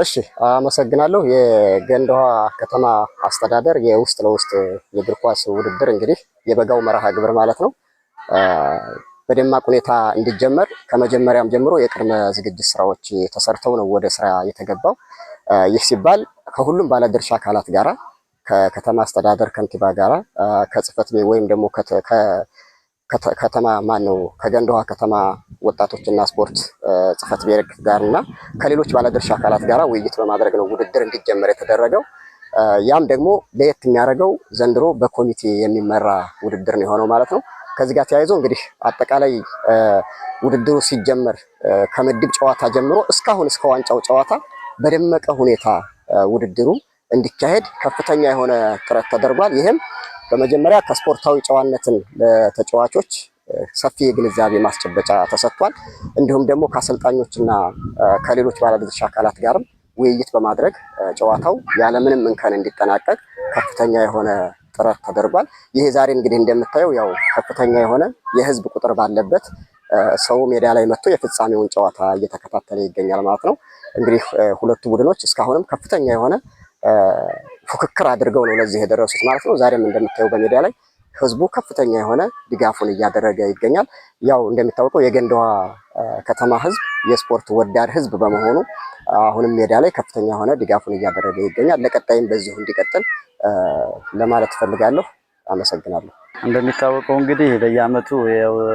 እሺ አመሰግናለሁ። የገንደዋ ከተማ አስተዳደር የውስጥ ለውስጥ የእግር ኳስ ውድድር እንግዲህ የበጋው መርሃ ግብር ማለት ነው በደማቅ ሁኔታ እንዲጀመር ከመጀመሪያም ጀምሮ የቅድመ ዝግጅት ስራዎች ተሰርተው ነው ወደ ስራ የተገባው። ይህ ሲባል ከሁሉም ባለድርሻ አካላት ጋራ ከከተማ አስተዳደር ከንቲባ ጋራ ከጽህፈት ቤት ወይም ደግሞ ከተማ ማን ነው ከገንደ ውሃ ከተማ ወጣቶችና ስፖርት ጽሕፈት ቤት እና ከሌሎች ባለድርሻ አካላት ጋር ውይይት በማድረግ ነው ውድድር እንዲጀመር የተደረገው። ያም ደግሞ ለየት የሚያደርገው ዘንድሮ በኮሚቴ የሚመራ ውድድር ነው የሆነው ማለት ነው። ከዚህ ጋር ተያይዞ እንግዲህ አጠቃላይ ውድድሩ ሲጀመር ከምድብ ጨዋታ ጀምሮ እስካሁን እስከ ዋንጫው ጨዋታ በደመቀ ሁኔታ ውድድሩ እንዲካሄድ ከፍተኛ የሆነ ጥረት ተደርጓል። ይህም በመጀመሪያ ከስፖርታዊ ጨዋነትን ለተጫዋቾች ሰፊ የግንዛቤ ማስጨበጫ ተሰጥቷል። እንዲሁም ደግሞ ከአሰልጣኞችና ከሌሎች ባለድርሻ አካላት ጋርም ውይይት በማድረግ ጨዋታው ያለምንም እንከን እንዲጠናቀቅ ከፍተኛ የሆነ ጥረት ተደርጓል። ይሄ ዛሬ እንግዲህ እንደምታየው ያው ከፍተኛ የሆነ የህዝብ ቁጥር ባለበት ሰው ሜዳ ላይ መጥቶ የፍጻሜውን ጨዋታ እየተከታተለ ይገኛል ማለት ነው። እንግዲህ ሁለቱ ቡድኖች እስካሁንም ከፍተኛ የሆነ ፉክክር አድርገው ነው ለዚህ የደረሱት ማለት ነው። ዛሬም እንደምታዩ በሜዳ ላይ ህዝቡ ከፍተኛ የሆነ ድጋፉን እያደረገ ይገኛል። ያው እንደሚታወቀው የገንዳዋ ከተማ ህዝብ የስፖርት ወዳድ ህዝብ በመሆኑ አሁንም ሜዳ ላይ ከፍተኛ የሆነ ድጋፉን እያደረገ ይገኛል። ለቀጣይም በዚሁ እንዲቀጥል ለማለት እፈልጋለሁ። አመሰግናለሁ። እንደሚታወቀው እንግዲህ በየአመቱ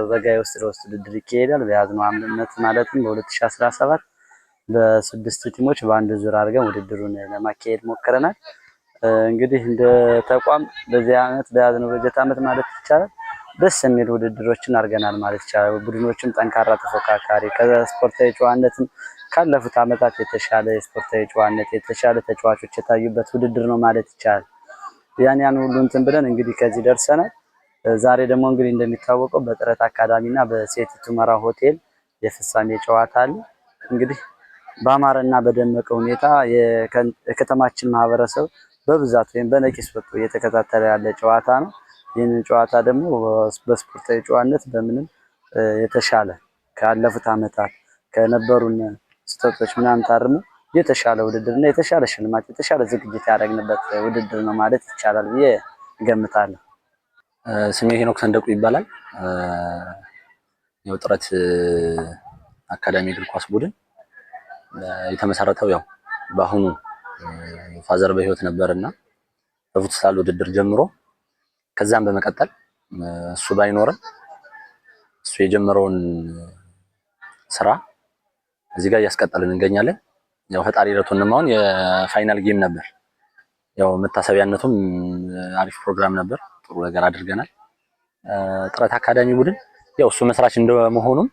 በጋ የውስጥ ለውስጥ ውድድር ይካሄዳል። በያዝነው አምነት ማለትም በ2017 በስድስት ቲሞች በአንድ ዙር አድርገን ውድድሩን ለማካሄድ ሞክረናል። እንግዲህ እንደ ተቋም በዚህ ዓመት በያዝነው በጀት ዓመት ማለት ይቻላል ደስ የሚል ውድድሮችን አድርገናል ማለት ይቻላል። ቡድኖችም ጠንካራ ተፎካካሪ ከስፖርታዊ ጨዋነትም ካለፉት ዓመታት የተሻለ የስፖርታዊ ጨዋነት የተሻለ ተጫዋቾች የታዩበት ውድድር ነው ማለት ይቻላል። ያን ያን ሁሉ እንትን ብለን እንግዲህ ከዚህ ደርሰናል። ዛሬ ደግሞ እንግዲህ እንደሚታወቀው በጥረት አካዳሚ እና በሴት ቱመራ ሆቴል የፍጻሜ ጨዋታ አለ። እንግዲህ በአማረና በደመቀ ሁኔታ የከተማችን ማህበረሰብ በብዛት ወይም በነቂስ ወጥቶ እየተከታተለ ያለ ጨዋታ ነው። ይህንን ጨዋታ ደግሞ በስፖርታዊ ጨዋነት በምንም የተሻለ ካለፉት ዓመታት ከነበሩን ስህተቶች ምናምን ታርሞ የተሻለ ውድድር እና የተሻለ ሽልማት የተሻለ ዝግጅት ያደረግንበት ውድድር ነው ማለት ይቻላል ብዬ እገምታለሁ። ስሜ ሄኖክ ሰንደቁ ይባላል። የውጥረት ጥረት አካዳሚ እግር ኳስ ቡድን የተመሰረተው ያው በአሁኑ ፋዘር በህይወት ነበርና በፉትሳል ውድድር ጀምሮ ከዛም በመቀጠል እሱ ባይኖርም እሱ የጀመረውን ስራ እዚህ ጋር እያስቀጠልን እንገኛለን። ያው ፈጣሪ ረቱንም አሁን የፋይናል ጌም ነበር። ያው መታሰቢያነቱም አሪፍ ፕሮግራም ነበር። ጥሩ ነገር አድርገናል። ጥረት አካዳሚ ቡድን ያው እሱ መስራች እንደመሆኑም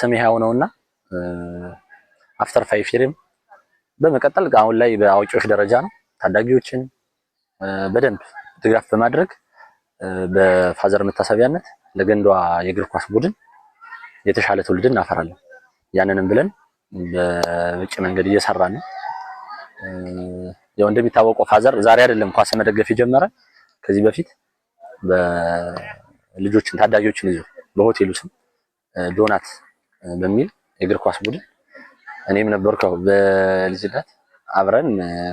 ስሜ ነውና አፍተር ፋይቭ ፊልም በመቀጠል አሁን ላይ በአዋቂዎች ደረጃ ነው ታዳጊዎችን በደንብ ድጋፍ በማድረግ በፋዘር መታሰቢያነት ለገንዷ የእግር ኳስ ቡድን የተሻለ ትውልድን እናፈራለን። ያንንም ብለን በውጭ መንገድ እየሰራ። ነው። ያው እንደሚታወቀው ፋዘር ዛሬ አይደለም ኳስ መደገፍ የጀመረ ከዚህ በፊት በልጆችን ታዳጊዎችን ይዞ በሆቴሉ ስም ዶናት በሚል የእግር ኳስ ቡድን እኔም ነበርኩ በልጅነት አብረን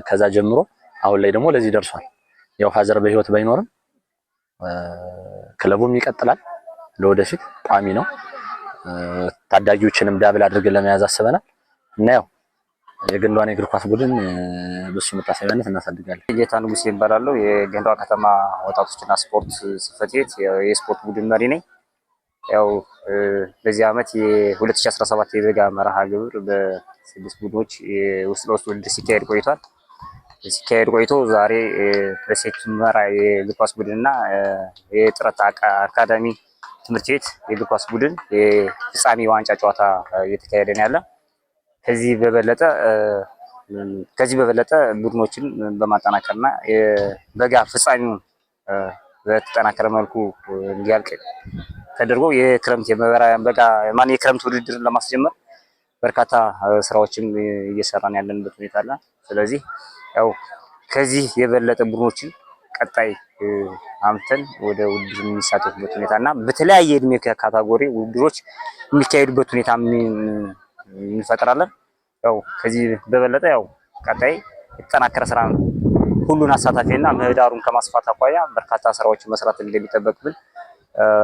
ከዛ ጀምሮ አሁን ላይ ደግሞ ለዚህ ደርሷል። ያው ሀዘር በህይወት ባይኖርም ክለቡም ይቀጥላል። ለወደፊት ቋሚ ነው። ታዳጊዎችንም ዳብል አድርገን ለመያዝ አስበናል እና ያው የገንዷን የእግር ኳስ ቡድን በሱ መታሰቢያነት እናሳድጋለን። ጌታ ንጉሴ ይባላለሁ። የገንዷ ከተማ ወጣቶችና ስፖርት ጽሕፈት ቤት የስፖርት ቡድን መሪ ነኝ። ያው በዚህ ዓመት የ2017 የበጋ መርሃ ግብር በስድስት ቡድኖች ውስጥ ለውስጥ ውድድር ሲካሄድ ቆይቷል። ሲካሄድ ቆይቶ ዛሬ በሴት መራ የእግር ኳስ ቡድን እና የጥረት አካዳሚ ትምህርት ቤት የእግር ኳስ ቡድን የፍጻሜ ዋንጫ ጨዋታ እየተካሄደን ያለ ከዚህ በበለጠ ከዚህ በበለጠ ቡድኖችን በማጠናከርና በጋ ፍጻሜውን በተጠናከረ መልኩ እንዲያልቅ ተደርጎ የክረምት የበጋ ማን የክረምት ውድድርን ለማስጀመር በርካታ ስራዎችም እየሰራን ያለንበት ሁኔታ አለ። ስለዚህ ያው ከዚህ የበለጠ ቡድኖችን ቀጣይ አምተን ወደ ውድድር የሚሳተፉበት ሁኔታ እና በተለያየ እድሜ ካታጎሪ ውድድሮች የሚካሄዱበት ሁኔታ እንፈጥራለን። ያው ከዚህ በበለጠ ያው ቀጣይ የተጠናከረ ስራ ነው። ሁሉን አሳታፊና ምህዳሩን ከማስፋት አኳያ በርካታ ስራዎችን መስራት እንደሚጠበቅብን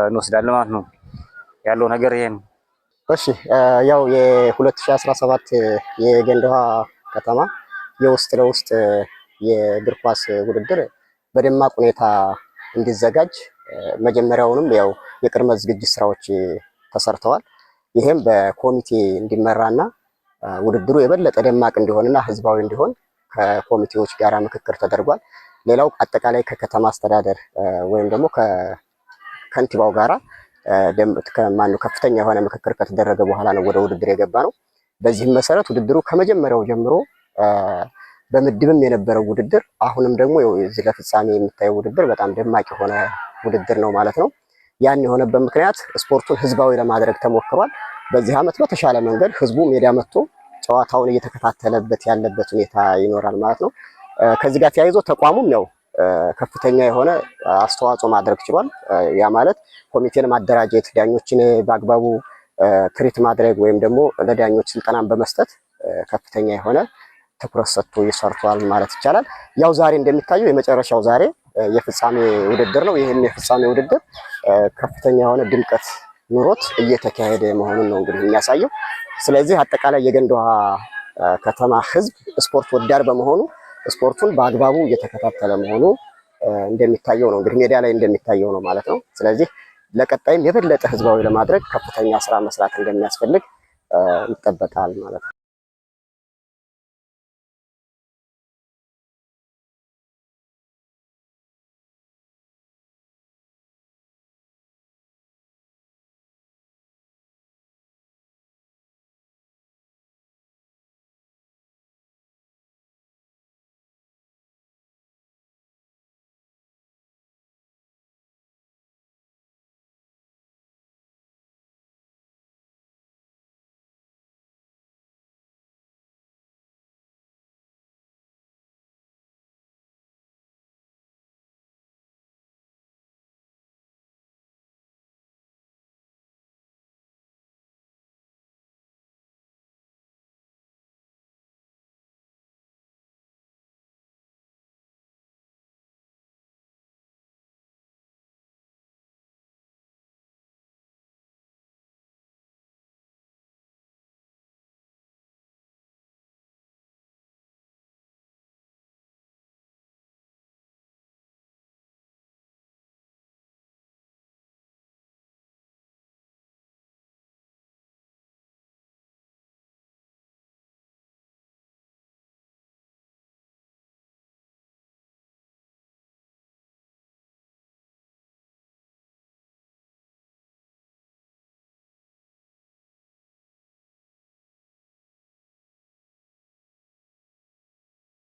እንወስዳለን ማለት ነው። ያለው ነገር ይሄ ነው። እሺ ያው የ2017 የገንደዋ ከተማ የውስጥ ለውስጥ የእግር ኳስ ውድድር በደማቅ ሁኔታ እንዲዘጋጅ መጀመሪያውንም ያው የቅድመ ዝግጅት ስራዎች ተሰርተዋል። ይህም በኮሚቴ እንዲመራና ውድድሩ የበለጠ ደማቅ እንዲሆንና ህዝባዊ እንዲሆን ከኮሚቴዎች ጋር ምክክር ተደርጓል። ሌላው አጠቃላይ ከከተማ አስተዳደር ወይም ደግሞ ከንቲባው ጋራ ከፍተኛ የሆነ ምክክር ከተደረገ በኋላ ነው ወደ ውድድር የገባ ነው። በዚህም መሰረት ውድድሩ ከመጀመሪያው ጀምሮ በምድብም የነበረው ውድድር አሁንም ደግሞ እዚህ ለፍጻሜ የሚታየው ውድድር በጣም ደማቅ የሆነ ውድድር ነው ማለት ነው። ያን የሆነበት ምክንያት ስፖርቱን ህዝባዊ ለማድረግ ተሞክሯል። በዚህ ዓመት በተሻለ መንገድ ህዝቡ ሜዳ መጥቶ ጨዋታውን እየተከታተለበት ያለበት ሁኔታ ይኖራል ማለት ነው። ከዚህ ጋር ተያይዞ ተቋሙም ያው ከፍተኛ የሆነ አስተዋጽኦ ማድረግ ችሏል። ያ ማለት ኮሚቴን ማደራጀት፣ ዳኞችን በአግባቡ ክሪት ማድረግ ወይም ደግሞ ለዳኞች ስልጠናን በመስጠት ከፍተኛ የሆነ ትኩረት ሰጥቶ ይሰርቷል ማለት ይቻላል። ያው ዛሬ እንደሚታየው የመጨረሻው ዛሬ የፍጻሜ ውድድር ነው። ይህም የፍጻሜ ውድድር ከፍተኛ የሆነ ድምቀት ኑሮት እየተካሄደ መሆኑን ነው እንግዲህ የሚያሳየው። ስለዚህ አጠቃላይ የገንደ ውሃ ከተማ ህዝብ ስፖርት ወዳድ በመሆኑ ስፖርቱን በአግባቡ እየተከታተለ መሆኑ እንደሚታየው ነው እንግዲህ ሜዳ ላይ እንደሚታየው ነው ማለት ነው። ስለዚህ ለቀጣይም የበለጠ ህዝባዊ ለማድረግ ከፍተኛ ስራ መስራት እንደሚያስፈልግ ይጠበቃል ማለት ነው።